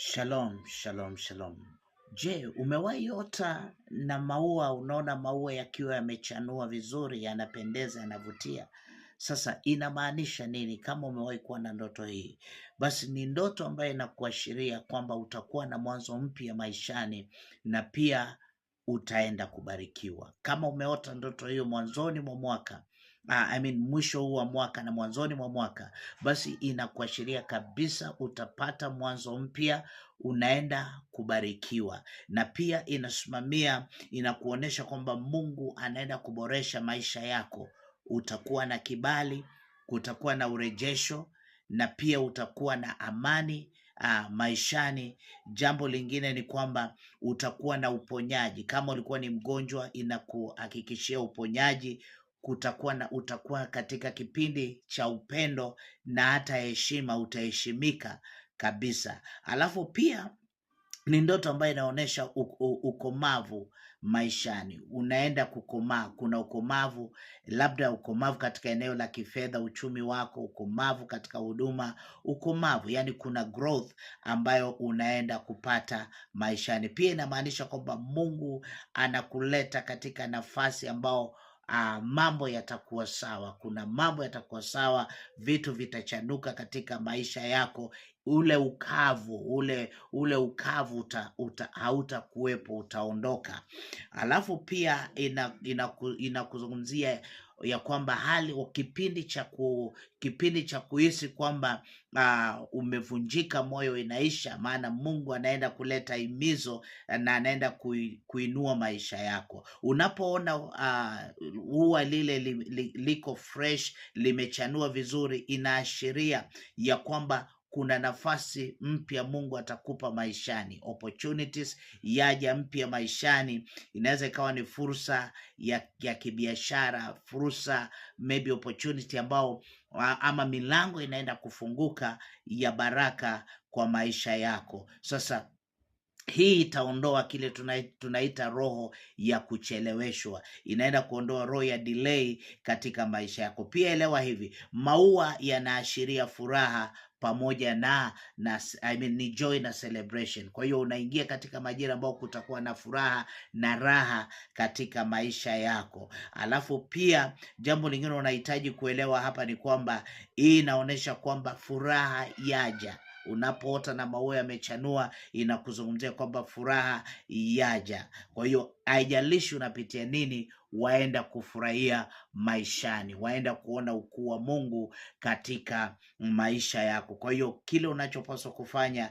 Shalom, shalom, shalom. Je, umewahi ota na maua, unaona maua yakiwa yamechanua vizuri, yanapendeza, yanavutia? Sasa inamaanisha nini? Kama umewahi kuwa na ndoto hii, basi ni ndoto ambayo inakuashiria kwamba utakuwa na mwanzo mpya maishani na pia utaenda kubarikiwa. Kama umeota ndoto hiyo mwanzoni mwa mwaka, Ah, I mean, mwisho huu wa mwaka na mwanzoni mwa mwaka, basi inakuashiria kabisa utapata mwanzo mpya, unaenda kubarikiwa, na pia inasimamia, inakuonyesha kwamba Mungu anaenda kuboresha maisha yako. Utakuwa na kibali, kutakuwa na urejesho, na pia utakuwa na amani Ah, maishani. Jambo lingine ni kwamba utakuwa na uponyaji. Kama ulikuwa ni mgonjwa, inakuhakikishia uponyaji kutakuwa na utakuwa katika kipindi cha upendo na hata heshima, utaheshimika kabisa. Alafu pia ni ndoto ambayo inaonyesha ukomavu maishani, unaenda kukomaa. Kuna ukomavu, labda ukomavu katika eneo la kifedha, uchumi wako, ukomavu katika huduma, ukomavu, yani kuna growth ambayo unaenda kupata maishani. Pia inamaanisha kwamba Mungu anakuleta katika nafasi ambao aa, ah, mambo yatakuwa sawa. Kuna mambo yatakuwa sawa, vitu vitachanuka katika maisha yako ule ukavu ule ule ukavu uta, uta, hautakuwepo utaondoka. Alafu pia inakuzungumzia ina, ina ya kwamba hali kipindi cha ku, kipindi cha kuhisi kwamba uh, umevunjika moyo inaisha, maana Mungu anaenda kuleta imizo na anaenda kui, kuinua maisha yako. Unapoona uh, ua lile li, li, liko fresh limechanua vizuri, inaashiria ya kwamba kuna nafasi mpya Mungu atakupa maishani, opportunities yaja mpya maishani. Inaweza ikawa ni fursa ya, ya kibiashara, fursa maybe opportunity ambao ama milango inaenda kufunguka ya baraka kwa maisha yako. Sasa hii itaondoa kile tunaita roho ya kucheleweshwa, inaenda kuondoa roho ya delay katika maisha yako. Pia elewa hivi, maua yanaashiria furaha pamoja na, na I mean, ni joy na celebration. Kwa hiyo unaingia katika majira ambayo kutakuwa na furaha na raha katika maisha yako. Alafu pia jambo lingine unahitaji kuelewa hapa ni kwamba hii inaonyesha kwamba furaha yaja unapoota na maua yamechanua, inakuzungumzia kwamba furaha yaja. Kwa hiyo haijalishi unapitia nini, waenda kufurahia maishani, waenda kuona ukuu wa Mungu katika maisha yako. Kwa hiyo kile unachopaswa kufanya